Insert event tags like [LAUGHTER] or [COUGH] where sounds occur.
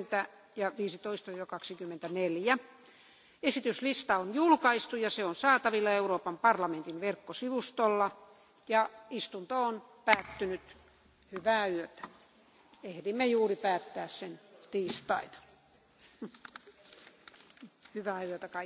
kaksikymmentä ja viisitoista kaksikymmentäneljä esityslista on julkaistu ja se on saatavilla euroopan parlamentin verkkosivustolla ja istunto on päättynyt. hyvää yötä ehdimme juuri päättää sen tiistaina. [LAUGHS] hyvää yötä kaikille.